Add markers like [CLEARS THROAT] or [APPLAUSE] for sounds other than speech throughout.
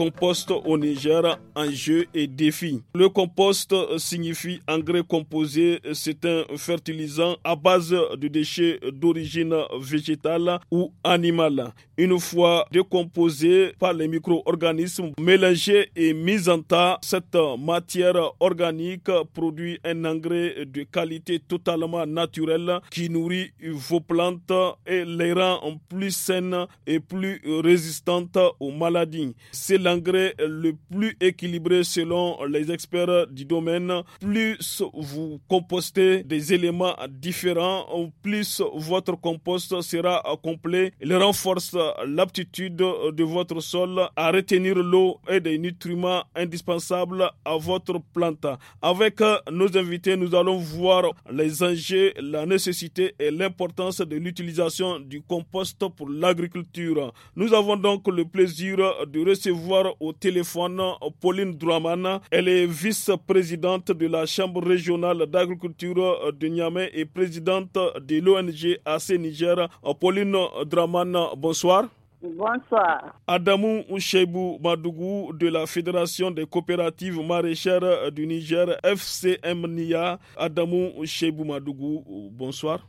compost au Niger, enjeux et défis. Le compost signifie engrais composé. C'est un fertilisant à base de déchets d'origine végétale ou animale. Une fois décomposé par les micro-organismes mélangé et mis en tas, cette matière organique produit un engrais de qualité totalement naturelle qui nourrit vos plantes et les rend plus saines et plus résistantes aux maladies. C'est l'engrais le plus équilibré selon les experts du domaine. Plus vous compostez des éléments différents, plus votre compost sera complet. Il renforce l'aptitude de votre sol à retenir l'eau et des nutriments indispensables à votre plante. Avec nos invités, nous allons voir les enjeux, la nécessité et l'importance de l'utilisation du compost pour l'agriculture. Nous avons donc le plaisir de recevoir au téléphone Pauline Dramana, Elle est vice-présidente de la Chambre régionale d'agriculture de Niamey et présidente de l'ONG AC Niger. Pauline Dramana, bonsoir. Bonsoir. Adamou Ouchebou Madougou de la Fédération des coopératives maraîchères du Niger, FCM NIA. Adamou Ushebu Madougou, bonsoir.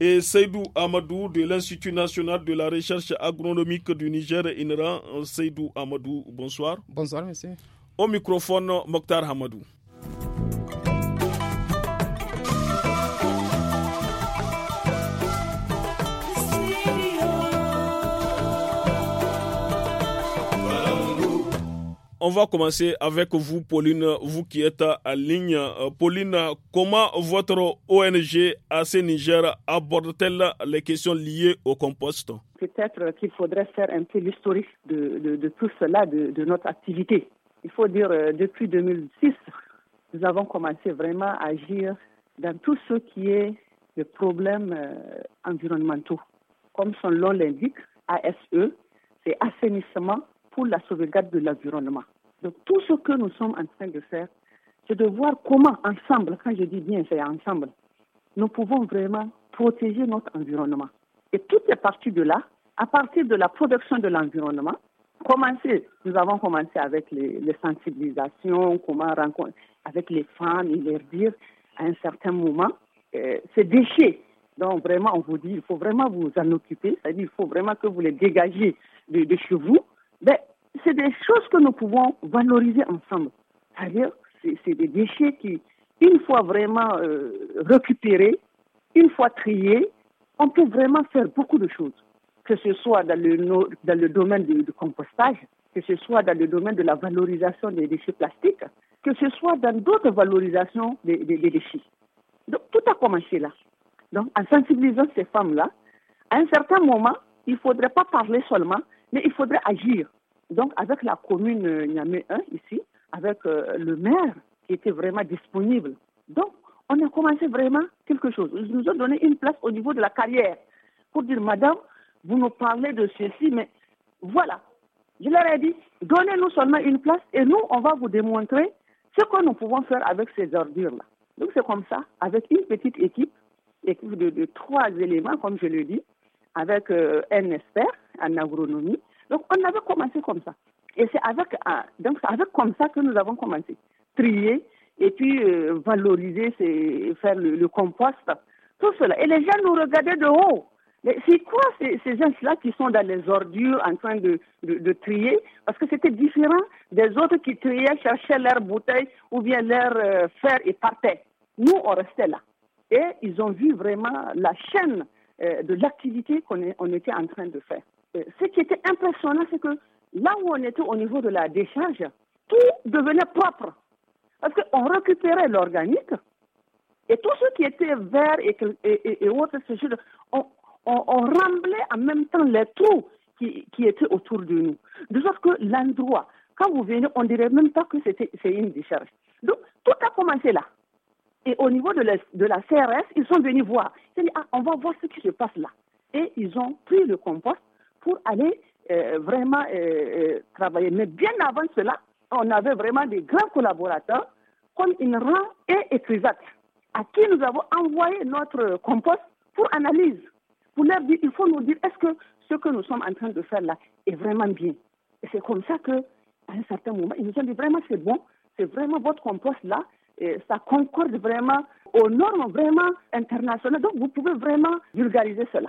Et Seydou Amadou de l'Institut national de la recherche agronomique du Niger, Inran, Seydou Amadou, bonsoir. Bonsoir, monsieur. Au microphone, Mokhtar Hamadou. On va commencer avec vous, Pauline, vous qui êtes en ligne. Euh, Pauline, comment votre ONG AC Niger aborde-t-elle les questions liées au compost Peut-être qu'il faudrait faire un peu l'historique de, tout cela, de, notre activité. Il faut dire, euh, depuis 2006, nous avons commencé vraiment à agir dans tout ce qui est les problèmes euh, environnementaux. Comme son nom l'indique, ASE, c'est assainissement pour la sauvegarde de l'environnement. Donc tout ce que nous sommes en train de faire, c'est de voir comment ensemble, quand je dis bien c'est ensemble, nous pouvons vraiment protéger notre environnement. Et toutes les parties de là, à partir de la production de l'environnement, commencer, nous avons commencé avec les, sensibilisations, comment rencontrer avec les femmes et leur dire à un certain moment, euh, ces déchets donc vraiment, on vous dit, il faut vraiment vous en occuper, c'est-à-dire il faut vraiment que vous les dégagiez de, de chez vous. Mais c'est des choses que nous pouvons valoriser ensemble. C'est-à-dire, c'est des déchets qui, une fois vraiment euh, récupérés, une fois triés, on peut vraiment faire beaucoup de choses, que ce soit dans le, dans le domaine du, compostage, que ce soit dans le domaine de la valorisation des déchets plastiques, que ce soit dans d'autres valorisations des, déchets. Donc, tout a commencé là. Donc, en sensibilisant ces femmes-là, à un certain moment, il ne faudrait pas parler seulement, mais il faudrait agir. Donc, avec la commune euh, Niamey 1 ici, avec euh, le maire qui était vraiment disponible. Donc, on a commencé vraiment quelque chose. Ils nous ont donné une place au niveau de la carrière pour dire, madame, vous nous parlez de ceci, mais voilà. Je leur ai dit, donnez-nous seulement une place et nous, on va vous démontrer ce que nous pouvons faire avec ces ordures-là. Donc, c'est comme ça, avec une petite équipe, équipe de, trois éléments, comme je le dis, avec euh, un expert en agronomie, donc on avait commencé comme ça. Et euh, c'est avec, comme ça que nous avons commencé. Trier et puis euh, valoriser, faire le, compost, tout cela. Et les gens nous regardaient de haut. Mais c'est quoi ces, gens-là qui sont dans les ordures en train de, trier Parce que c'était différent des autres qui triaient, cherchaient leur bouteille ou bien leur euh, fer et partaient. Nous, on restait là. Et ils ont vu vraiment la chaîne de l'activité qu'on était en train de faire. Euh, ce qui était impressionnant, c'est que là où on était au niveau de la décharge, tout devenait propre. Parce qu'on récupérait l'organique et tout ce qui était vert et, et, autres, on, on, remblait en même temps les trous qui, étaient autour de nous. De sorte que l'endroit, quand vous venez, on dirait même pas que c'est une décharge. Donc, tout a commencé là. Et au niveau de la, de la CRS, ils sont venus voir. Ils ont dit, ah, on va voir ce qui se passe là. Et ils ont pris le compost pour aller euh, vraiment euh, euh, travailler. Mais bien avant cela, on avait vraiment des grands collaborateurs comme Inran et Ecrisat, à qui nous avons envoyé notre compost pour analyse, pour leur dire, il faut nous dire, est-ce que ce que nous sommes en train de faire là est vraiment bien Et c'est comme ça qu'à un certain moment, ils nous ont dit, vraiment, c'est bon, c'est vraiment votre compost là, ça concorde vraiment aux normes vraiment internationales. Donc, vous pouvez vraiment vulgariser cela.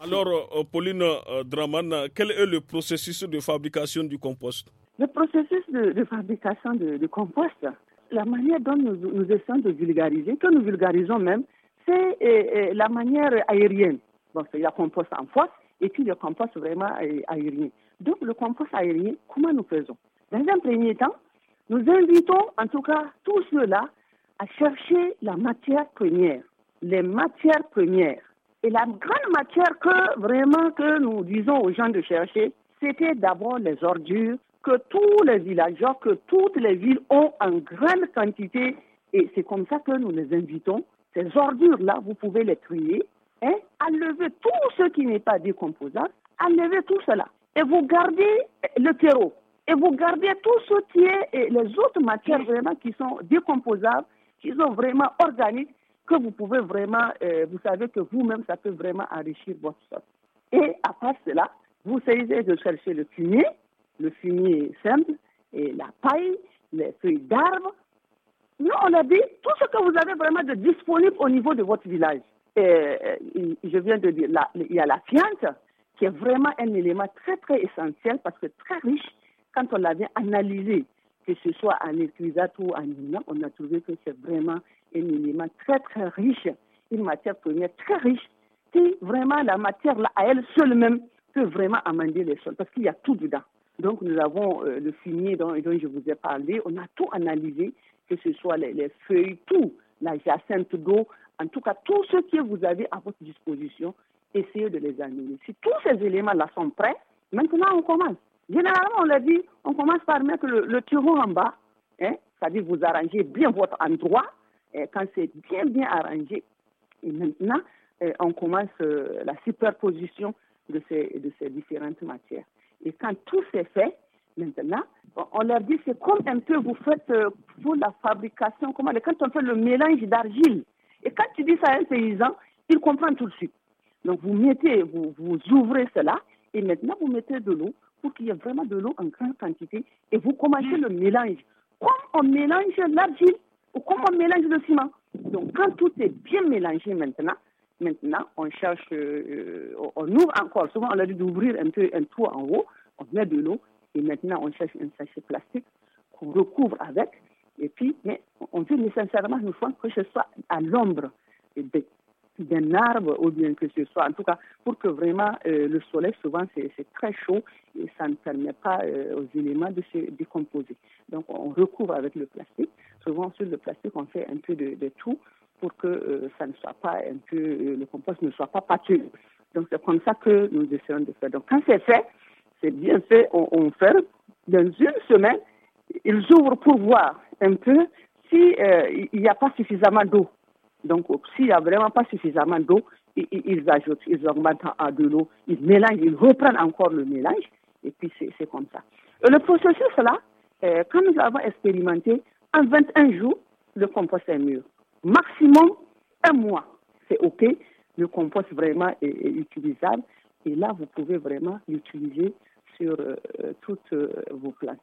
Alors, euh, Pauline euh, Draman, quel est le processus de fabrication du compost Le processus de, fabrication de compost, la manière dont nous, essayons de vulgariser, que nous vulgarisons même, c'est euh, la manière aérienne. Il y a compost en force et puis le compost vraiment aérien. Donc, le compost aérien, comment nous faisons Dans un premier temps, nous invitons en tout cas tous ceux-là à chercher la matière première, les matières premières et la grande matière que vraiment que nous disons aux gens de chercher, c'était d'abord les ordures que tous les villageois, que toutes les villes ont en grande quantité. Et c'est comme ça que nous les invitons. Ces ordures-là, vous pouvez les trier, hein, à tout ce qui n'est pas décomposable, à lever tout cela. Et vous gardez le terreau. Et vous gardez tout ce qui est, et les autres matières vraiment qui sont décomposables, qui sont vraiment organiques, que vous pouvez vraiment, euh, vous savez que vous-même, ça peut vraiment enrichir votre sol. Et à part cela, vous essayez de chercher le fumier, le fumier simple, et la paille, les feuilles d'arbres. Nous, on a dit tout ce que vous avez vraiment de disponible au niveau de votre village. Euh, je viens de dire, il y a la fiente, qui est vraiment un élément très, très essentiel parce que très riche quand on la vient analyser que ce soit en utilisant ou en innovant, on a trouvé que c'est vraiment un élément très très riche, une matière première très riche, qui vraiment la matière à elle seule même peut vraiment amender les sols, parce qu'il y a tout dedans. Donc nous avons euh, le fumier dont, je vous ai parlé, on a tout analysé, que ce soit les, feuilles, tout, la jacinthe d'eau, en tout cas tout ce que vous avez à votre disposition, essayez de les analyser. Si tous ces éléments-là sont prêts, maintenant on commence. Généralement, on leur dit, on commence par mettre le, le en bas, hein, c'est-à-dire vous arrangez bien votre endroit, et quand c'est bien, bien arrangé. Et maintenant, euh, on commence euh, la superposition de ces, de ces différentes matières. Et quand tout c'est fait, maintenant, on leur dit c'est comme un peu vous faites euh, pour la fabrication, comment, quand on fait le mélange d'argile. Et quand tu dis ça à un paysan, il comprend tout de suite. Donc vous mettez, vous, vous ouvrez cela, et maintenant vous mettez de l'eau, pour qu'il y ait vraiment de l'eau en grande quantité et vous commencez le mélange. Comme on mélange l'argile ou comme on mélange le ciment. Donc quand tout est bien mélangé maintenant, maintenant on cherche, euh, on ouvre encore, souvent on a dit d'ouvrir un peu un trou en haut, on met de l'eau et maintenant on cherche un sachet plastique qu'on recouvre avec. Et puis, mais on veut nécessairement une fois que ce soit à l'ombre des d'un arbre ou bien que ce soit, en tout cas, pour que vraiment euh, le soleil, souvent c'est très chaud et ça ne permet pas euh, aux éléments de se décomposer. Donc on recouvre avec le plastique. Souvent sur le plastique, on fait un peu de, tout pour que euh, ça ne soit pas un peu, le compost ne soit pas pâteux. Donc c'est comme ça que nous essayons de faire. Donc quand c'est fait, c'est bien fait, on, on ferme. Dans une semaine, ils ouvrent pour voir un peu s'il n'y a pas suffisamment d'eau. Donc, s'il n'y a vraiment pas suffisamment d'eau, ils, ajoutent, ils augmentent à de l'eau, ils mélangent, ils reprennent encore le mélange, et puis c'est comme ça. Euh, le processus là, euh, quand nous avons expérimenté, en 21 jours, le compost est mûr. Maximum un mois, c'est OK. Le compost vraiment est utilisable. Et là, vous pouvez vraiment l'utiliser sur euh, toutes euh, vos places.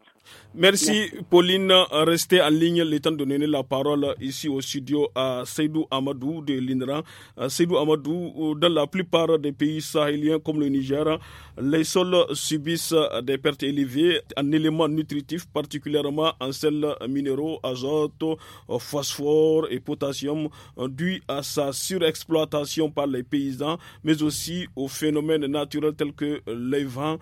Merci, Pauline. Restez en ligne, le temps de donner la parole ici au studio à Seydou Amadou de l'INRA. Euh, Seydou Amadou, dans la plupart des pays sahéliens comme le Niger, les sols subissent des pertes élevées en éléments nutritifs, particulièrement en sels minéraux, azote, phosphore et potassium, dû à sa surexploitation par les paysans, mais aussi aux phénomènes naturels tels que les vents,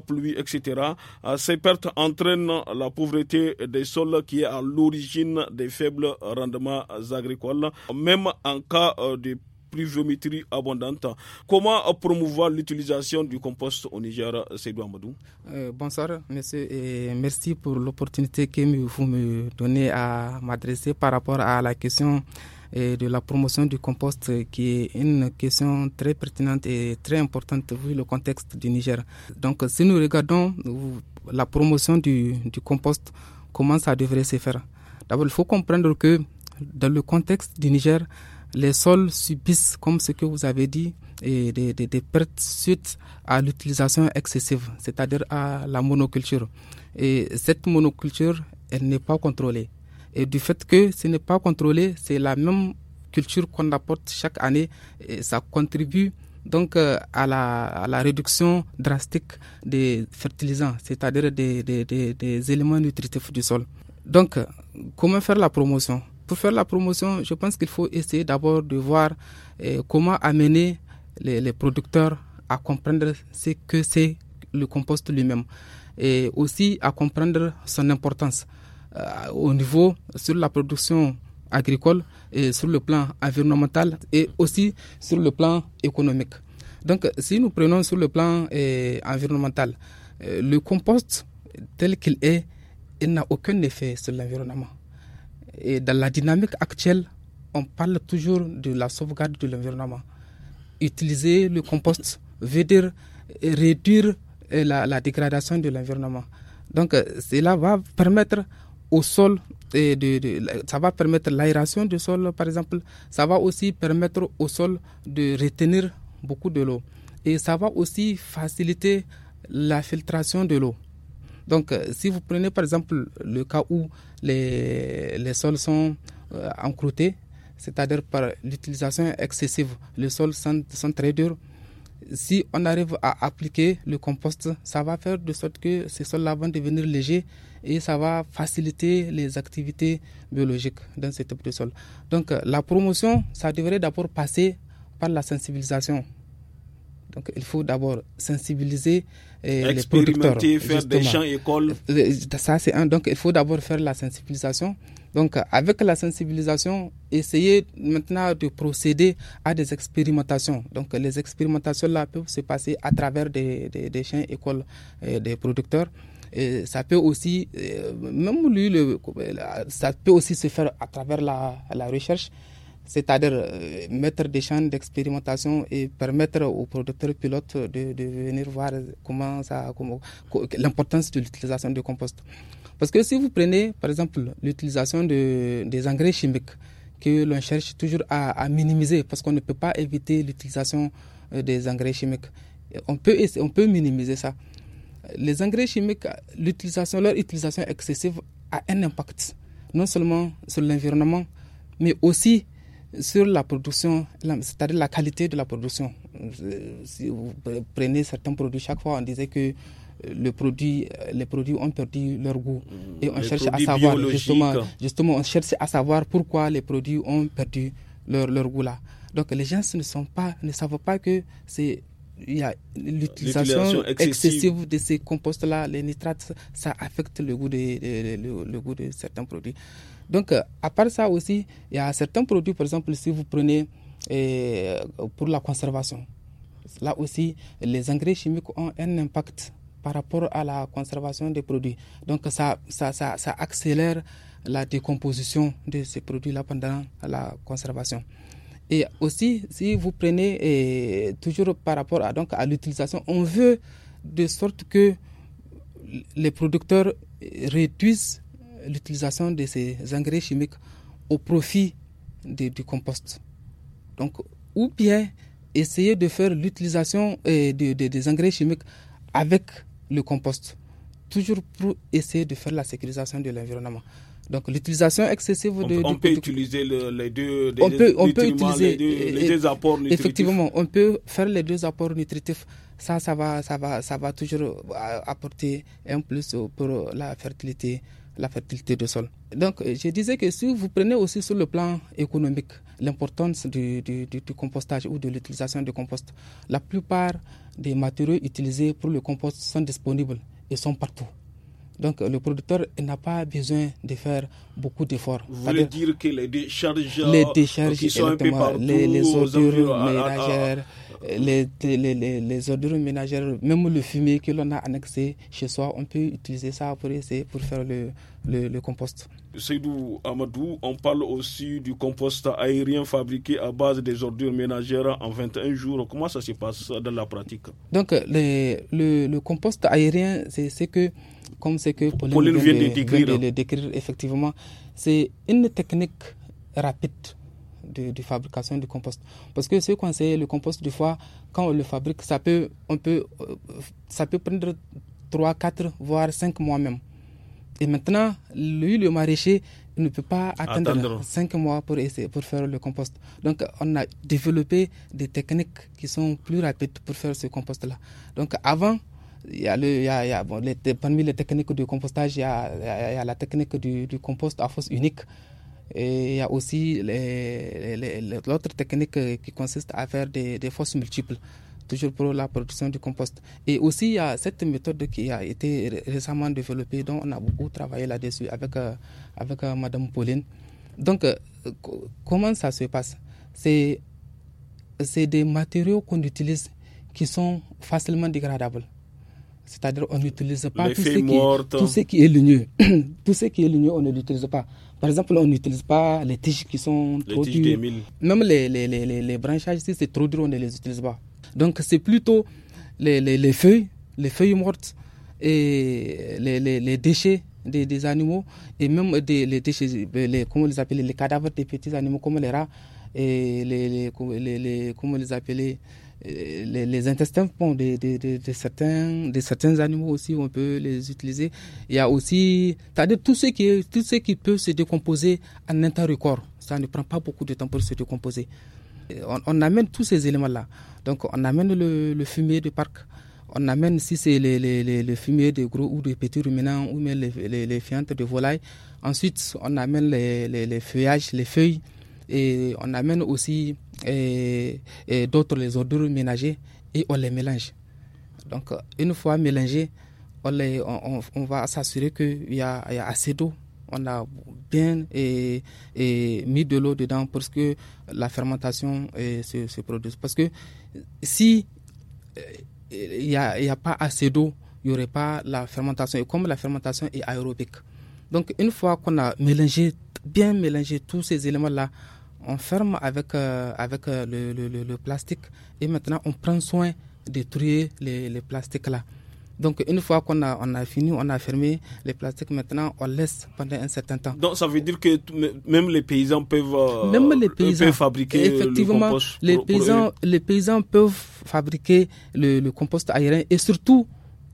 pluie, etc. Euh, ces pertes entraînent la pauvreté des sols qui est à l'origine des faibles rendements agricoles, même en cas euh, de pluviométrie abondante. Comment promouvoir l'utilisation du compost au Niger, Seydou Amadou euh, Bonsoir, monsieur, et merci pour l'opportunité que vous me donnez à m'adresser par rapport à la question et de la promotion du compost euh, qui est une question très pertinente et très importante vu le contexte du Niger. Donc euh, si nous regardons euh, la promotion du, compost, comment ça devrait se faire D'abord, il faut comprendre que dans le contexte du Niger, les sols subissent, comme ce que vous avez dit, des, pertes suite à l'utilisation excessive, c'est-à-dire à la monoculture. Et cette monoculture, elle n'est pas contrôlée et du fait que ce n'est pas contrôlé, c'est la même culture qu'on apporte chaque année et ça contribue donc euh, à, la, réduction drastique des fertilisants, c'est-à-dire des, éléments nutritifs du sol. Donc, euh, comment faire la promotion Pour faire la promotion, je pense qu'il faut essayer d'abord de voir euh, comment amener les, producteurs à comprendre ce que c'est le compost lui-même et aussi à comprendre son importance. Euh, au niveau sur la production agricole et sur le plan environnemental et aussi sur le plan économique. Donc, si nous prenons sur le plan euh, environnemental, euh, le compost tel qu'il est, il n'a aucun effet sur l'environnement. Et dans la dynamique actuelle, on parle toujours de la sauvegarde de l'environnement. Utiliser le compost veut dire réduire la, la, dégradation de l'environnement. Donc, cela va permettre au sol, et de, ça va permettre l'aération du sol, par exemple. Ça va aussi permettre au sol de retenir beaucoup de l'eau. Et ça va aussi faciliter la filtration de l'eau. Donc, euh, si vous prenez par exemple le cas où les, les sols sont euh, c'est-à-dire par l'utilisation excessive, les sols sont, sont très durs, si on arrive à appliquer le compost, ça va faire de sorte que ces sols-là vont devenir légers et ça va faciliter les activités biologiques dans ce type de sol. Donc euh, la promotion, ça devrait d'abord passer par la sensibilisation. Donc il faut d'abord sensibiliser euh, les producteurs. Expérimenter, faire des champs écoles. Euh, ça c'est un. Donc il faut d'abord faire la sensibilisation. Donc, avec la sensibilisation, essayez maintenant de procéder à des expérimentations. Donc, les expérimentations-là peuvent se passer à travers des, des, des chaînes écoles euh, des producteurs. Et ça peut aussi, euh, même lui, ça peut aussi se faire à travers la, la recherche c'est-à-dire euh, mettre des champs d'expérimentation et permettre aux producteurs pilotes de, venir voir comment ça, l'importance de l'utilisation du compost. Parce que si vous prenez, par exemple, l'utilisation de, des engrais chimiques, que l'on cherche toujours à, minimiser, parce qu'on ne peut pas éviter l'utilisation euh, des engrais chimiques. Euh, on peut, on peut minimiser ça. Les engrais chimiques, l'utilisation, leur utilisation excessive a un impact, non seulement sur l'environnement, mais aussi sur la production, c'est-à-dire la qualité de la production. Euh, si vous prenez certains produits, chaque fois on disait que produit, les produits ont perdu leur goût. Mm. Et on cherche à savoir, justement, justement, on cherche à savoir pourquoi les produits ont perdu leur, leur goût là. Donc les gens ne, sont pas, ne savent pas que c'est il y a l'utilisation excessive. de ces composts-là, les nitrates, ça affecte le goût de, le, goût de certains produits. Donc, à part ça aussi, il y a certains produits, par exemple, si vous prenez eh, pour la conservation, là aussi, les engrais chimiques ont un impact par rapport à la conservation des produits. Donc ça, ça, accélère la décomposition de ces produits-là pendant la conservation. Et aussi, si vous prenez toujours par rapport à, à l'utilisation, on veut de sorte que les producteurs réduisent l'utilisation de ces engrais chimiques au profit du compost. Donc, ou bien essayer de faire l'utilisation des engrais chimiques avec le compost, toujours pour essayer de faire la sécurisation de l'environnement. Donc l'utilisation excessive de... On, peut utiliser les deux... on peut, on peut utiliser les deux, les deux, apports nutritifs. Effectivement, on peut faire les deux apports nutritifs. Ça, ça va, ça va, ça va toujours euh, apporter un plus pour la fertilité la fertilité du sol. Donc, euh, je disais que si vous prenez aussi sur le plan économique l'importance du, du, compostage ou de l'utilisation du compost, la plupart des matériaux utilisés pour le compost sont disponibles et sont partout. Donc le producteur n'a pas besoin de faire beaucoup d'efforts. Vous voulez dire, que les décharges, qui sont un les, ordures ménagères, les, ordures ménagères, même le fumier que l'on a annexé chez soi, on peut utiliser ça pour pour faire le, le, compost. Seydou Amadou, on parle aussi du compost aérien fabriqué à base des ordures ménagères en 21 jours. Comment ça se passe dans la pratique Donc, le, le compost aérien, c'est que comme c'est que Pauline, vient, de, décrire. le décrire, effectivement, c'est une technique rapide de, fabrication du compost. Parce que ce qu'on sait, le compost, des fois, quand on le fabrique, ça peut, on peut, euh, ça peut prendre 3, 4, voire 5 mois même. Et maintenant, lui, le maraîcher, il ne peut pas attendre, attendre. 5 mois pour, essayer, pour faire le compost. Donc, on a développé des techniques qui sont plus rapides pour faire ce compost-là. Donc, avant, il y a, les, parmi les techniques du compostage, il y a, la technique du, compost à fosse unique. Et il y a aussi l'autre technique qui consiste à faire des, des fosses multiples toujours pour la production du compost. Et aussi, il y a cette méthode qui a été récemment développée, dont on a beaucoup travaillé là-dessus avec, euh, avec euh, Madame Pauline. Donc, euh, comment ça se passe C'est des matériaux qu'on utilise qui sont facilement dégradables. C'est-à-dire on n'utilise pas tout ce, qui, est ligneux. [CLEARS THROAT] tout ce qui est ligneux, on ne l'utilise pas. Par exemple, on n'utilise pas les tiges qui sont trop dures. Même les, les, les, les branchages, si c'est trop dur, on ne les utilise pas. Donc c'est plutôt les, feuilles, les feuilles mortes et les, déchets des, animaux et même des, les déchets, euh, les, comment les appeler, les cadavres des petits animaux comme les rats et les, les, les, les comment les appeler les, intestins de, certains, de certains animaux aussi, on peut les utiliser. Il y a aussi, tout ce qui, tout ce qui peut se décomposer en un corps. Ça ne prend pas beaucoup de temps pour se décomposer. On, amène tous ces éléments-là. Donc, on amène le, fumier de parc. On amène, si c'est le fumier de gros ou de petits ruminants ou même les, fientes de volailles. Ensuite, on amène les, les, feuillages, les feuilles. Et on amène aussi et, d'autres les odeurs ménagers et on les mélange. Donc euh, une fois mélangé on, on, va s'assurer qu'il y, y a, assez d'eau. On a bien et, mis de l'eau dedans pour que la fermentation et, euh, se, se, produise. Parce que si euh, il n'y a, a, pas assez d'eau, il n'y aurait pas la fermentation. Et comme la fermentation est aérobique. Donc une fois qu'on a mélangé, bien mélangé tous ces éléments-là, on ferme avec, euh, avec euh, le, plastique et maintenant on prend soin de trier les, les plastiques là. Donc une fois qu'on a, on a fini, on a fermé les plastiques, maintenant on laisse pendant un certain temps. Donc ça veut dire que même les paysans peuvent, les paysans, peuvent fabriquer le compost les, paysans, les paysans peuvent fabriquer le, compost aérien et surtout,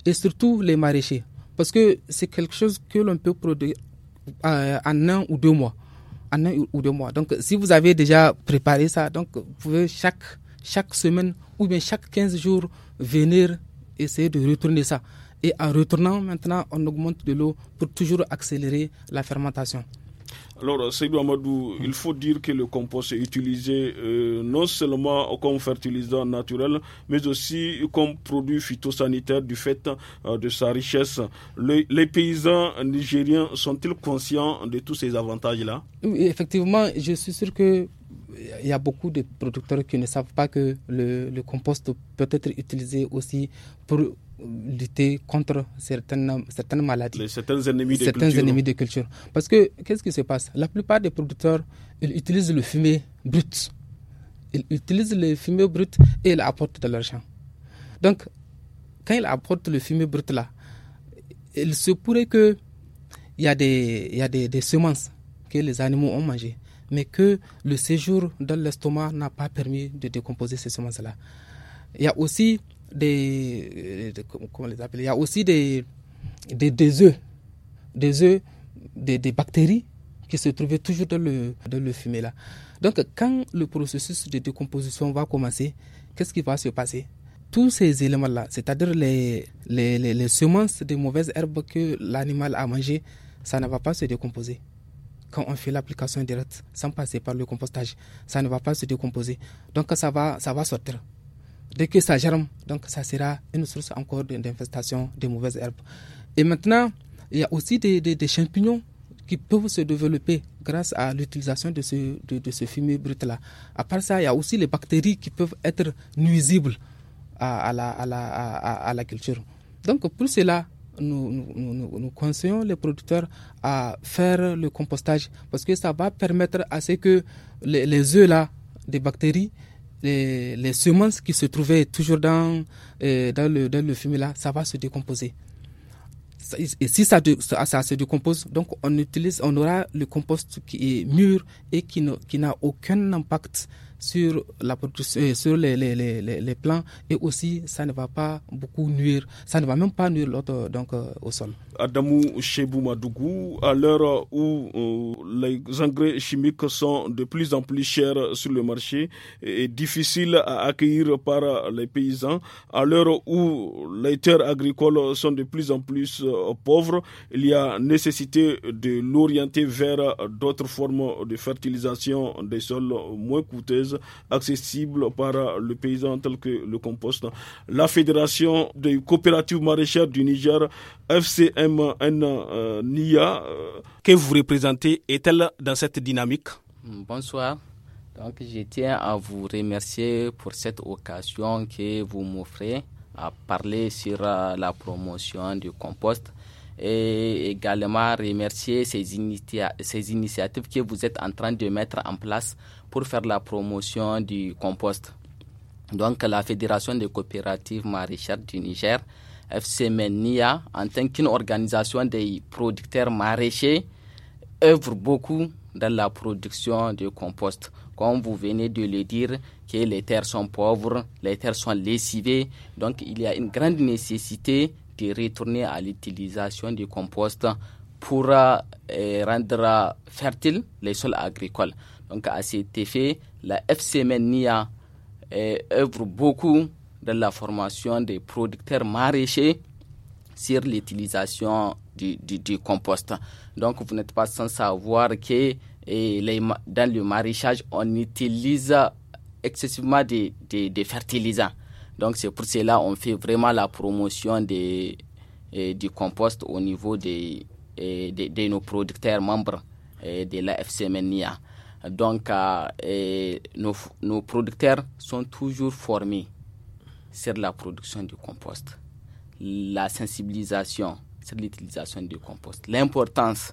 et surtout les maraîchers. Parce que c'est quelque chose que l'on peut produire euh, en un ou deux mois en un ou deux mois. Donc, si vous avez déjà préparé ça, donc vous pouvez chaque, chaque semaine ou bien chaque 15 jours venir essayer de retourner ça. Et en retournant, maintenant, on augmente de l'eau pour toujours accélérer la fermentation. Alors, Seydou Amadou, il faut dire que le compost est utilisé euh, non seulement comme fertilisant naturel, mais aussi comme produit phytosanitaire du fait euh, de sa richesse. les paysans nigériens sont-ils conscients de tous ces avantages-là Oui, effectivement, je suis sûr que euh, y a beaucoup de producteurs qui ne savent pas que le compost peut être utilisé aussi pour lutter contre certaines, certaines maladies, certains, ennemis de, certains ennemis de culture. Parce que qu'est-ce qui se passe La plupart des producteurs, ils utilisent le fumier brut. Ils utilisent le fumier brut et ils apportent de l'argent. Donc, quand ils apportent le fumier brut là, il se pourrait que il y a des, y a des, des semences que les animaux ont mangées, mais que le séjour dans l'estomac n'a pas permis de décomposer ces semences-là. Il y a aussi des, euh, comment les appeler Il y a aussi des des, des œufs, des œufs, des, des, bactéries qui se trouvaient toujours dans le, dans le fumet là. Donc quand le processus de décomposition va commencer, qu'est-ce qui va se passer Tous ces éléments-là, c'est-à-dire les, les, les, semences de mauvaises herbes que l'animal a mangées, ça ne va pas se décomposer. Quand on fait l'application directe, sans passer par le compostage, ça ne va pas se décomposer. Donc ça va, ça va sortir. Dès que ça germe, donc ça sera une source encore d'infestation des mauvaises herbes. Et maintenant, il y a aussi des, champignons qui peuvent se développer grâce à l'utilisation de ce, de, ce fumier brut-là. À part ça, il y a aussi les bactéries qui peuvent être nuisibles à, à, la, culture. Donc pour cela, nous, conseillons les producteurs à faire le compostage parce que ça va permettre à ce que les, les œufs-là des bactéries les, les, semences qui se trouvaient toujours dans, euh, dans, le, dans le fumier là, ça va se décomposer. Et si ça, ça, se décompose, donc on utilise, on aura le compost qui est mûr et qui, n'a aucun impact sur la production, euh, sur les, les, les, les, plants et aussi ça ne va pas beaucoup nuire, ça ne va même pas nuire donc euh, au sol. Adamou Madougou. à l'heure où euh, les engrais chimiques sont de plus en plus chers sur le marché et difficiles à accueillir par les paysans, à l'heure où les terres agricoles sont de plus en plus euh, pauvres, il y a nécessité de l'orienter vers d'autres formes de fertilisation des sols moins coûteuses, accessibles par le paysan tel que le compost. La Fédération des coopératives maraîchères du Niger, FCM, un NIA euh, euh, que vous représentez est-elle dans cette dynamique Bonsoir. Donc, je tiens à vous remercier pour cette occasion que vous m'offrez à parler sur euh, la promotion du compost et également remercier ces, ces initiatives que vous êtes en train de mettre en place pour faire la promotion du compost. Donc, la Fédération des coopératives maraîchères du Niger FCMNIA, en tant qu'une organisation des producteurs maraîchers, œuvre beaucoup dans la production de compost. Comme vous venez de le dire, que les terres sont pauvres, les terres sont lessivées, donc il y a une grande nécessité de retourner à l'utilisation du compost pour euh, euh, rendre fertile les sols agricoles. Donc à cet effet, la FCMNIA euh, œuvre beaucoup de la formation des producteurs maraîchers sur l'utilisation du, compost. Donc, vous n'êtes pas sans savoir que eh, dans le maraîchage, on utilise excessivement des, fertilisants. Donc, c'est pour cela qu'on fait vraiment la promotion des, eh, du compost au niveau des, eh, de nos producteurs membres de la FCMNIA. Donc, nos producteurs sont toujours formés sur la production du compost, la sensibilisation sur l'utilisation du compost, l'importance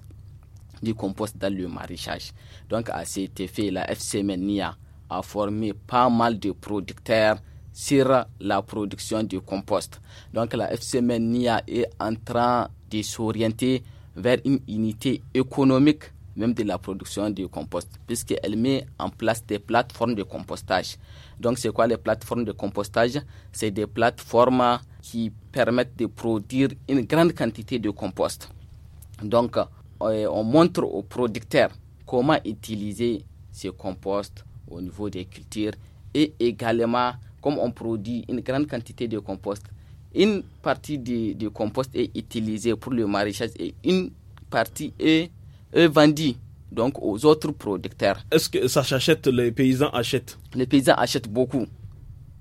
du compost dans le maraîchage. Donc à cet effet, la FCMNIA a formé pas mal de producteurs sur la production du compost. Donc la FCMNIA est en train de s'orienter vers une unité économique même de la production du compost, puisqu'elle met en place des plateformes de compostage. Donc, c'est quoi les plateformes de compostage C'est des plateformes qui permettent de produire une grande quantité de compost. Donc, euh, on montre aux producteurs comment utiliser ce compost au niveau des cultures et également, comme on produit une grande quantité de compost, une partie du compost est utilisée pour le maraîchage et une partie est ...eux vendent donc aux autres producteurs. Est-ce que ça s'achète, les paysans achètent Les paysans achètent beaucoup,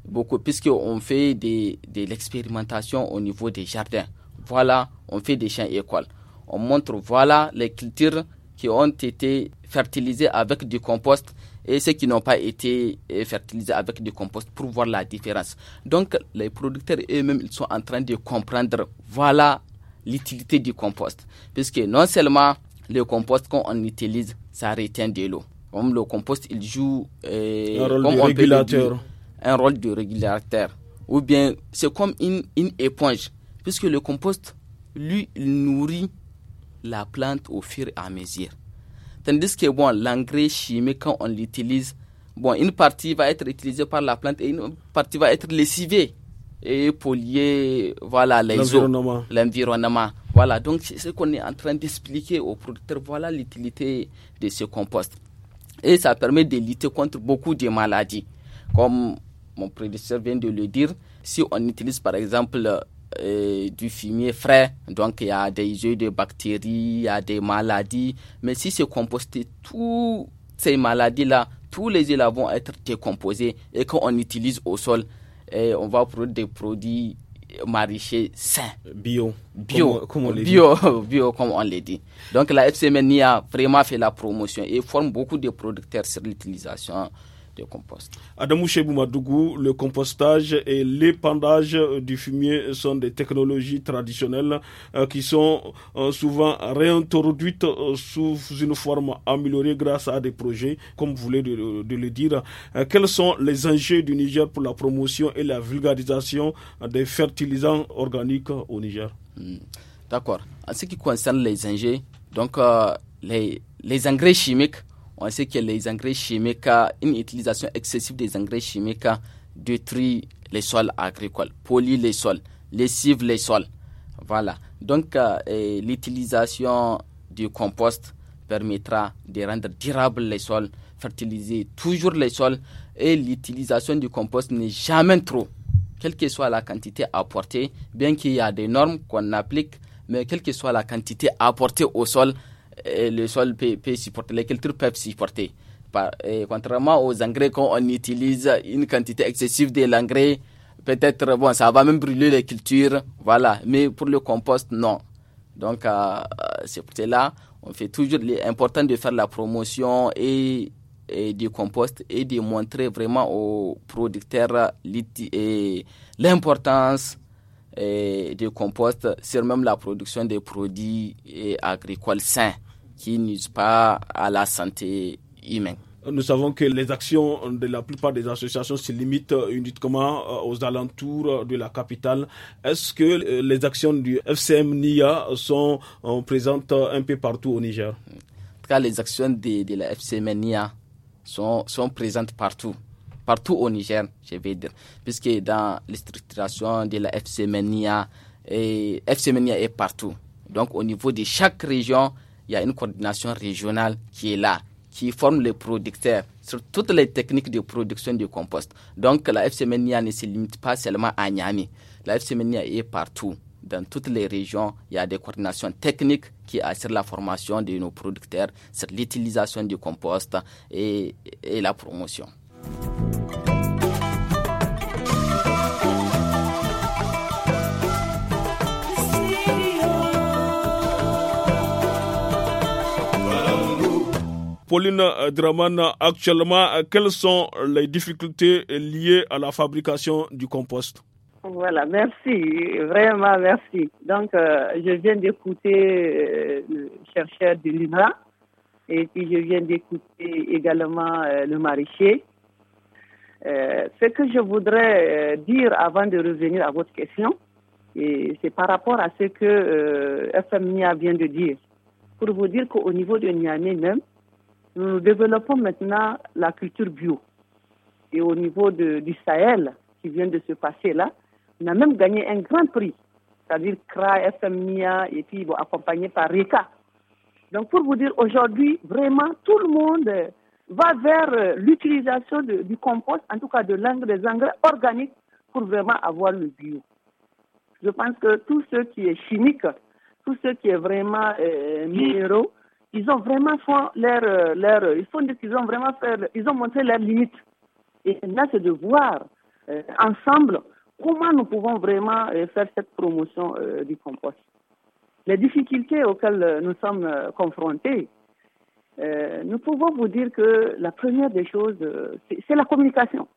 beaucoup, puisqu'on fait des, de l'expérimentation au niveau des jardins. Voilà, on fait des champs écoles. On montre, voilà, les cultures qui ont été fertilisées avec du compost et ceux qui n'ont pas été euh, fertilisés avec du compost pour voir la différence. Donc, les producteurs eux-mêmes, ils sont en train de comprendre, voilà, l'utilité du compost. Puisque non seulement le compost on utilise, ça retient de l'eau. Comme le compost, il joue euh, un, rôle de régulateur. un rôle de régulateur. Ou bien, c'est comme une, une éponge, puisque le compost, lui, il nourrit la plante au fur et à mesure. Tandis que bon, l'engrais chimique, quand on l'utilise, bon, une partie va être utilisée par la plante et une partie va être lessivée et polier voilà, les l'environnement. Voilà, donc c'est ce qu'on est en train d'expliquer aux producteurs. Voilà l'utilité de ce compost. Et ça permet de lutter contre beaucoup de maladies. Comme mon prédécesseur vient de le dire, si on utilise par exemple euh, du fumier frais, donc il y a des jeux de bactéries, il y a des maladies, mais si c'est composté, toutes ces maladies-là, tous les oeufs-là vont être décomposés et qu'on utilise au sol, et eh, on va produire des produits maraîchers sains. Bio. Bio. Comme, on bio, dit. [LAUGHS] bio, comme on le dit. Donc la FCMNI a vraiment fait la promotion et forme beaucoup de producteurs sur l'utilisation de compost. Adamou le compostage et l'épandage du fumier sont des technologies traditionnelles euh, qui sont euh, souvent réintroduites euh, sous une forme améliorée grâce à des projets, comme vous voulez de, le dire. Quels sont les enjeux du Niger pour la promotion et la vulgarisation des fertilisants organiques au Niger hmm. D'accord. En ce qui concerne les engrais, donc les engrais chimiques, on sait que les engrais chimiques, une utilisation excessive des engrais chimiques détruit les sols agricoles, pollue les sols, lessive les sols. Voilà. Donc, euh, l'utilisation du compost permettra de rendre durable les sols, fertiliser toujours les sols et l'utilisation du compost n'est jamais trop, quelle que soit la quantité apportée, bien qu'il y a des normes qu'on applique, mais quelle que soit la quantité apportée au sol, le sol peut, supporter, les cultures peuvent supporter. Par, contrairement aux engrais quand on utilise, une quantité excessive de l'engrais, peut-être, bon, ça va même brûler les cultures, voilà. Mais pour le compost, non. Donc, à euh, euh, c'est pour cela, on fait toujours l'important de faire la promotion et, du compost et de montrer vraiment aux producteurs l'importance du compost sur même la production des produits agricoles sains qui n'usent pas à la santé humaine. Nous savons que les actions de la plupart des associations se limitent euh, uniquement euh, aux alentours euh, de la capitale. Est-ce que les actions du FCM NIA sont présentes un peu partout au Niger En tout cas, les actions de, la FCM NIA sont, sont présentes partout partout au Niger, je vais dire, puisque dans les structurations de la FCM NIA, et FCM est partout. Donc au niveau de chaque région, il y a une coordination régionale qui est là, qui forme les producteurs sur toutes les techniques de production du compost. Donc la FCMNIA ne se limite pas seulement à Niamey. La FCMNIA est partout. Dans toutes les régions, il y a des coordinations techniques qui assurent la formation de nos producteurs sur l'utilisation du compost et, et la promotion. Pauline Draman, actuellement, quelles sont les difficultés liées à la fabrication du compost voilà, merci, vraiment merci. Donc, euh, je viens d'écouter euh, le chercheur de l'INRA et puis je viens d'écouter également euh, le maraîcher. ce que je voudrais dire avant de revenir à votre question, c'est par rapport à ce que FMIA vient de dire. Pour vous dire qu'au niveau de Niamey même, nous développons maintenant la culture bio. Et au niveau du Sahel, qui vient de se passer là, on a même gagné un grand prix, c'est-à-dire CRA, FMIA, et puis accompagné par RECA. Donc pour vous dire, aujourd'hui, vraiment, tout le monde va vers euh, l'utilisation du compost, en tout cas de l'engrais, des engrais organiques, pour vraiment avoir le bio. Je pense que tout ce qui est chimique, tout ce qui est vraiment euh, minéraux, ils ont vraiment fait leur, euh, leur euh, ils ont vraiment fait, ils ont montré leurs limites. Et là, c'est de voir euh, ensemble comment nous pouvons vraiment faire cette promotion du compost. Les difficultés auxquelles nous sommes confrontés, nous pouvons vous dire que la première des choses, c'est la communication.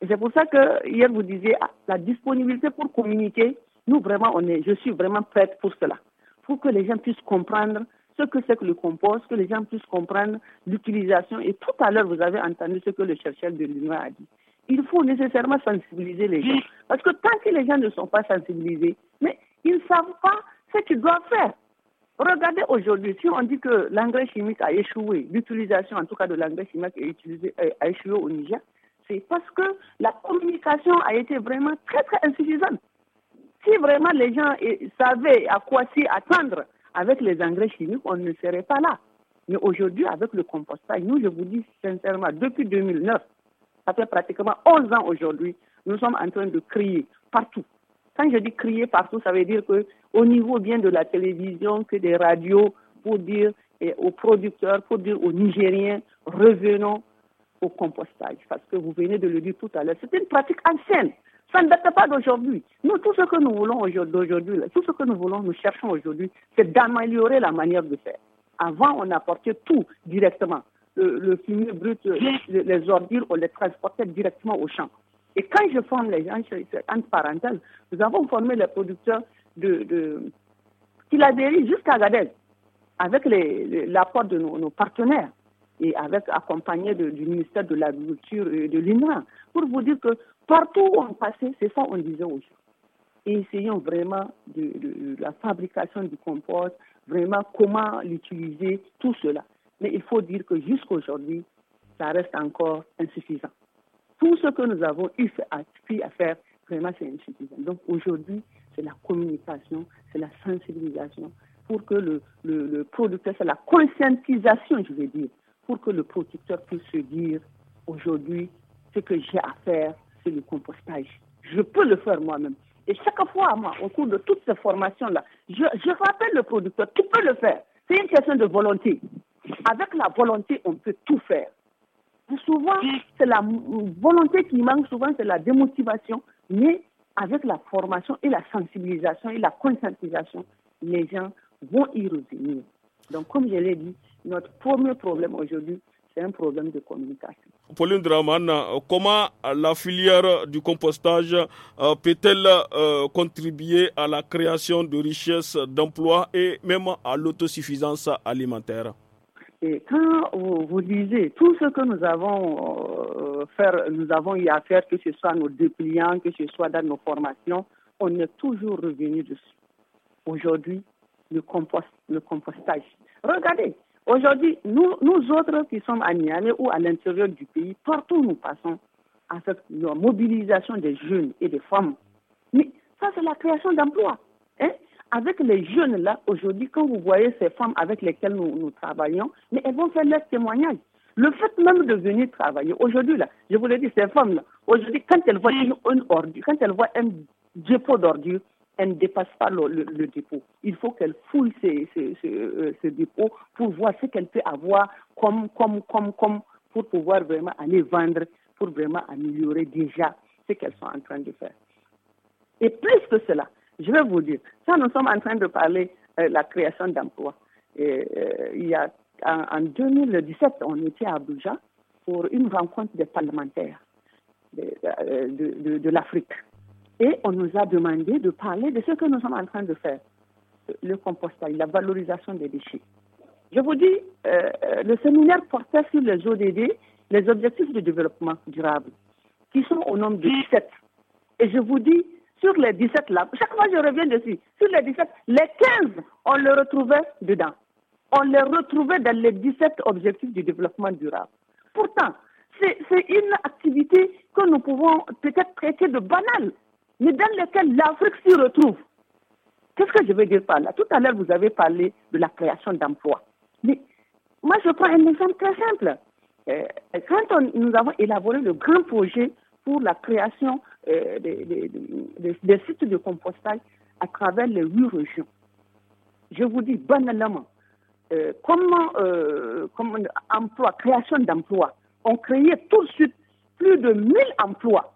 Et c'est pour ça que hier vous disiez ah, la disponibilité pour communiquer. Nous vraiment, on est, je suis vraiment prête pour cela, pour que les gens puissent comprendre ce que c'est que le compost, que les gens puissent comprendre l'utilisation. Et tout à l'heure, vous avez entendu ce que le chercheur de l'UNOA a dit. Il faut nécessairement sensibiliser les gens. Parce que tant que les gens ne sont pas sensibilisés, mais ils ne savent pas ce qu'ils doivent faire. Regardez aujourd'hui, si on dit que l'engrais chimique a échoué, l'utilisation en tout cas de l'engrais chimique est utilisé, a échoué au Niger, c'est parce que la communication a été vraiment très très insuffisante. Si vraiment les gens eh, savaient à quoi s'y attendre, avec les engrais chimiques, on ne serait pas là. Mais aujourd'hui, avec le compostage, nous, je vous dis sincèrement, depuis 2009, ça fait pratiquement 11 ans aujourd'hui, nous sommes en train de crier partout. Quand je dis crier partout, ça veut dire qu'au niveau bien de la télévision que des radios, pour dire aux producteurs, pour dire aux Nigériens, revenons au compostage, parce que vous venez de le dire tout à l'heure, c'est une pratique ancienne. Ça ne date pas d'aujourd'hui. Nous, tout ce que nous voulons aujourd'hui, tout ce que nous voulons, nous cherchons aujourd'hui, c'est d'améliorer la manière de faire. Avant, on apportait tout directement. Le, fumier brut, euh, les ordures, on les transportait directement au champ. Et quand je forme les gens, entre parenthèses, nous avons formé les producteurs de, de jusqu'à Gadez, avec l'apport de nos, partenaires et avec accompagné du ministère de l'Agriculture et de l'INRA, pour vous dire que Partout où on passait, c'est ça qu'on disait aujourd'hui. essayons vraiment de, la fabrication du compost, vraiment comment l'utiliser, tout cela. Mais il faut dire que jusqu'à aujourd'hui, ça reste encore insuffisant. Tout ce que nous avons eu à faire, vraiment, c'est insuffisant. Donc aujourd'hui, c'est la communication, c'est la sensibilisation pour que le, le producteur, c'est la conscientisation, je veux dire, pour que le producteur puisse se dire aujourd'hui ce que j'ai à faire c'est le compostage. Je peux le faire moi-même. Et chaque fois, moi, au cours de toutes ces formations-là, je, rappelle le producteur, tu peux le faire. C'est une question de volonté. Avec la volonté, on peut tout faire. souvent, c'est la volonté qui manque, souvent c'est la démotivation, mais avec la formation et la sensibilisation et la conscientisation, les gens vont y revenir. Donc, comme je l'ai dit, notre premier problème aujourd'hui, c'est un problème de communication. Pauline Draman, euh, comment la filière du compostage euh, peut-elle euh, contribuer à la création de richesses, d'emplois et même à l'autosuffisance alimentaire et quand vous, vous, lisez tout ce que nous avons, faire, nous avons eu à faire, que ce soit nos dépliants, que ce soit dans nos formations, on est toujours revenu dessus. Aujourd'hui, le, compost, le compostage. Regardez, Aujourd'hui, nous, nous autres qui sommes à Niamey ou à l'intérieur du pays, partout nous passons, à cette mobilisation des jeunes et des femmes. Mais ça, c'est la création d'emplois. Hein? Avec les jeunes là, aujourd'hui, quand vous voyez ces femmes avec lesquelles nous, travaillons, mais elles vont faire leur témoignage. Le fait même de venir travailler, aujourd'hui là, je vous l'ai dit, ces femmes là, aujourd'hui, quand elles voient hein? une, quand elles voient un dépôt d'ordure, elle ne dépasse pas le, dépôt. Il faut qu'elle fouille ce, euh, dépôt pour voir ce qu'elle peut avoir comme, comme, comme, comme, pour pouvoir vraiment aller vendre, pour vraiment améliorer déjà ce qu'elles sont en train de faire. Et plus que cela, je vais vous dire, ça nous sommes en train de parler de euh, la création d'emplois. Euh, il y a, en, 2017, on était à Abuja pour une rencontre des parlementaires de l'Afrique. Et on nous a demandé de parler de ce que nous sommes en train de faire, euh, le compostage, la valorisation des déchets. Je vous dis, euh, euh, le séminaire portait sur les ODD, les objectifs de développement durable, qui sont au nombre de 17. Et je vous dis, sur les 17 là, chaque fois je reviens dessus, sur les 17, les 15, on les retrouvait dedans. On les retrouvait dans les 17 objectifs du développement durable. Pourtant, c'est une activité que nous pouvons peut-être traiter de banale, mais dans lesquels l'Afrique s'y retrouve. Qu'est-ce que je veux dire par là Tout à l'heure, vous avez parlé de la création d'emplois. Mais moi, je prends un exemple très simple. Euh, quand nous avons élaboré le grand projet pour la création euh, des, sites de compostage à travers les huit régions, je vous dis banalement, euh, comment, emploi, création d'emplois, on créé tout de suite plus de 1000 emplois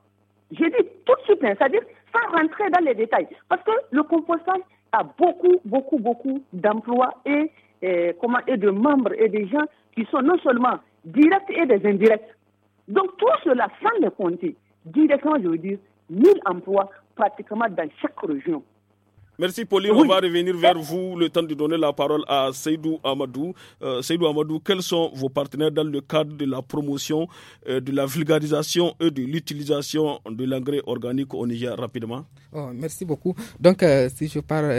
j'ai dit tout de suite, hein, c'est-à-dire sans rentrer dans les détails. Parce que le compostage a beaucoup, beaucoup, beaucoup d'emplois et, euh, et de membres et des gens qui sont non seulement directs et des indirects. Donc tout cela, sans les compter, directement, je veux dire, 1000 emplois pratiquement dans chaque région. Merci Pauline, on va revenir vers vous le temps de donner la parole à Seydou Amadou. Euh, Seydou Amadou, quels sont vos partenaires dans le cadre de la promotion, euh, de la vulgarisation et de l'utilisation de l'engrais organique au Niger rapidement oh, Merci beaucoup. Donc euh, si je parle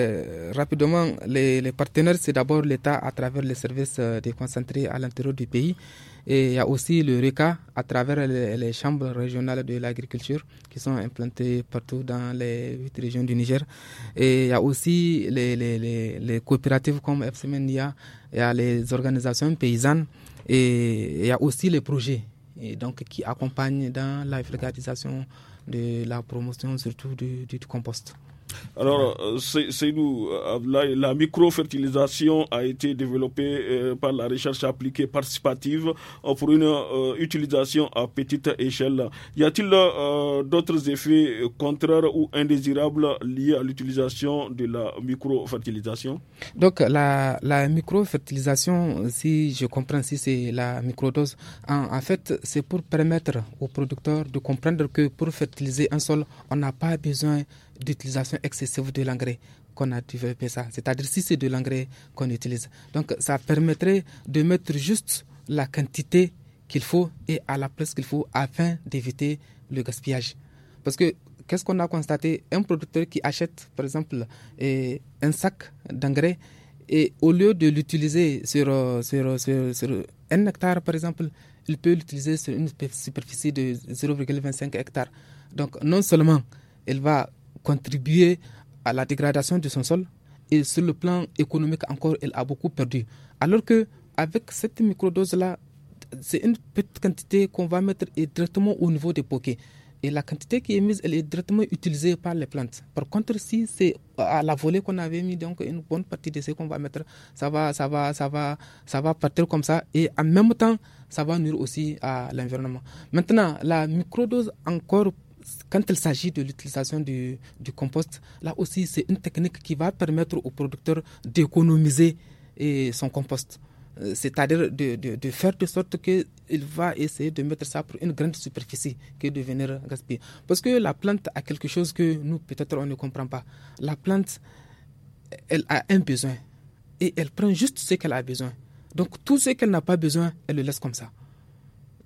rapidement, les, partenaires, c'est d'abord l'État à travers les services déconcentrés à l'intérieur du pays. Et il y a aussi le RECA à travers les, chambres régionales de l'agriculture qui sont implantées partout dans les huit régions du Niger. Et il y a aussi les, les, les, coopératives comme FC il y a les organisations paysannes et il y a aussi les projets et donc, qui accompagnent dans la vulgarisation de la promotion surtout du, du compost. Alors, euh, c'est nous. Euh, la, la microfertilisation a été développée euh, par la recherche appliquée participative pour une utilisation à petite échelle. Y a-t-il d'autres effets contraires ou indésirables liés à l'utilisation de la microfertilisation Donc, la, la microfertilisation, si je comprends, si c'est la microdose, en fait, c'est pour permettre aux producteurs de comprendre que pour fertiliser un sol, on n'a pas besoin d'utilisation excessive de l'engrais qu'on a développé ça. C'est-à-dire si c'est de l'engrais qu'on utilise. Donc ça permettrait de mettre juste la quantité qu'il faut et à la place qu'il faut afin d'éviter le gaspillage. Parce que qu'est-ce qu'on a constaté Un producteur qui achète, par exemple, un sac d'engrais et au lieu de l'utiliser sur, sur, sur, un hectare, par exemple, il peut l'utiliser sur une superficie de 0,25 hectare. Donc non seulement il va contribué à la dégradation de son sol et sur le plan économique encore, elle a beaucoup perdu. Alors que avec cette microdose-là, c'est une petite quantité qu'on va mettre directement au niveau des poquets. Et la quantité qui est mise, elle est directement utilisée par les plantes. Par contre, si c'est à la volée qu'on avait mis, donc une bonne partie de ce qu'on va mettre, ça va, ça va, ça va, ça va partir comme ça. Et en même temps, ça va nuire aussi à l'environnement. Maintenant, la microdose encore quand il s'agit de l'utilisation du, compost, là aussi, c'est une technique qui va permettre au producteur d'économiser son compost. Euh, c'est-à-dire de, de, faire de sorte qu'il va essayer de mettre ça pour une grande superficie que de venir gaspiller. Parce que la plante a quelque chose que nous, peut-être, on ne comprend pas. La plante, elle a un besoin et elle prend juste ce qu'elle a besoin. Donc, tout ce qu'elle n'a pas besoin, elle le laisse comme ça.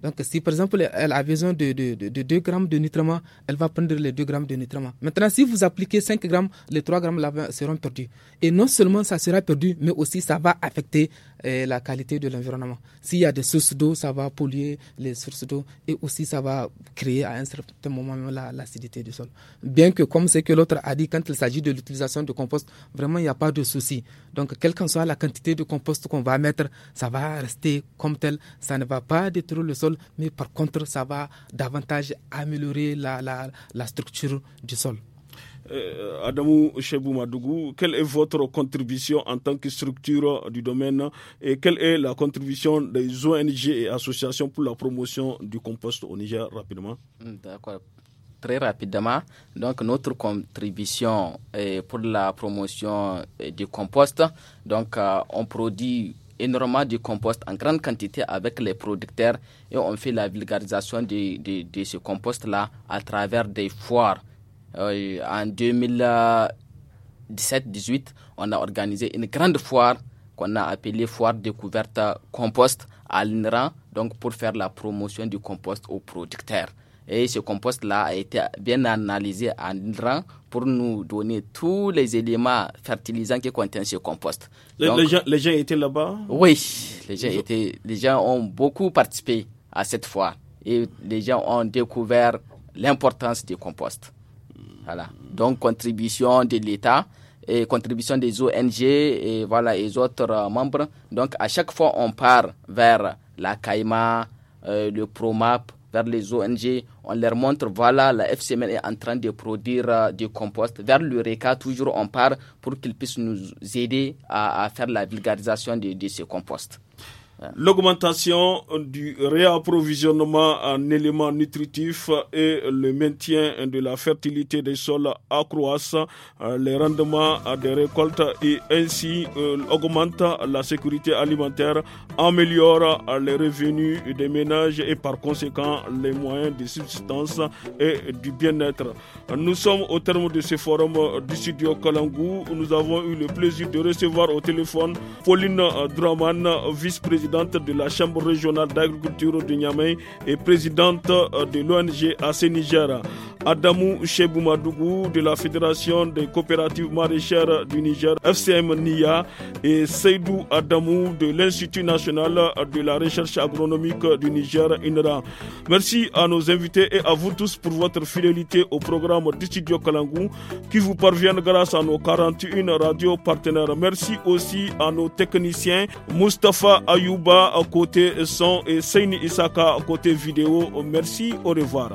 Donc, si par exemple elle a besoin de, 2 grammes de nutriments, elle va prendre les 2 grammes de nutriments. Maintenant, si vous appliquez 5 grammes, les 3 grammes seront perdus. Et non seulement ça sera perdu, mais aussi ça va affecter et la qualité de l'environnement. S'il y a des sources d'eau, ça va polluer les sources d'eau et aussi ça va créer à un certain moment l'acidité du sol. Bien que, comme c'est que l'autre a dit, quand il s'agit de l'utilisation de compost, vraiment il n'y a pas de souci. Donc, quelle qu'en soit la quantité de compost qu'on va mettre, ça va rester comme tel. Ça ne va pas détruire le sol, mais par contre, ça va davantage améliorer la, la, la structure du sol. Euh, Adamou Chebou Madougou, quelle est votre contribution en tant que structure du domaine et quelle est la contribution des ONG et associations pour la promotion du compost au Niger rapidement hmm, D'accord. Très rapidement, donc notre contribution est pour la promotion euh, du compost, donc euh, on produit énormément de compost en grande quantité avec les producteurs et on fait la vulgarisation de ce compost-là à travers des foires euh, en 2017-18, on a organisé une grande foire qu'on a appelée Foire Découverte Compost à l'inran donc pour faire la promotion du compost aux producteurs. Et ce compost-là a été bien analysé à l'INRA pour nous donner tous les éléments fertilisants qui contient ce compost. les, gens, les gens, étaient là-bas Oui, les gens, étaient, les gens ont beaucoup participé à cette foire et les gens ont découvert l'importance du compost. Donc, contribution de l'État et contribution des ONG et voilà, les autres euh, membres. Donc, à chaque fois, on part vers la CAIMA, euh, le PROMAP, vers les ONG. On leur montre, voilà, la FCML est en train de produire euh, du compost. Vers l'URECA, toujours, on part pour qu'ils puissent nous aider à, faire la vulgarisation de, de ce compost l'augmentation du réapprovisionnement en éléments nutritifs et le maintien de la fertilité des sols accroissent euh, les rendements des récoltes et ainsi euh, augmente la sécurité alimentaire, améliore les revenus des ménages et par conséquent les moyens de subsistance et du bien-être. Nous sommes au terme de ce forum du studio Kalangou. Nous avons eu le plaisir de recevoir au téléphone Pauline euh, Draman, vice-présidente présidente de la Chambre régionale d'agriculture de Niamey et présidente euh, de l'ONG AC Niger. Adamou Cheboumadougou de la Fédération des coopératives maraîchères du Niger, FCM NIA, et Seydou Adamou de l'Institut national de la recherche agronomique du Niger, INRA. Merci à nos invités et à vous tous pour votre fidélité au programme du studio Kalangou qui vous parvient grâce à nos 41 radios partenaires. Merci aussi à nos techniciens Mustapha Ayouba à côté son et Seyni Isaka à côté vidéo. Merci, au revoir.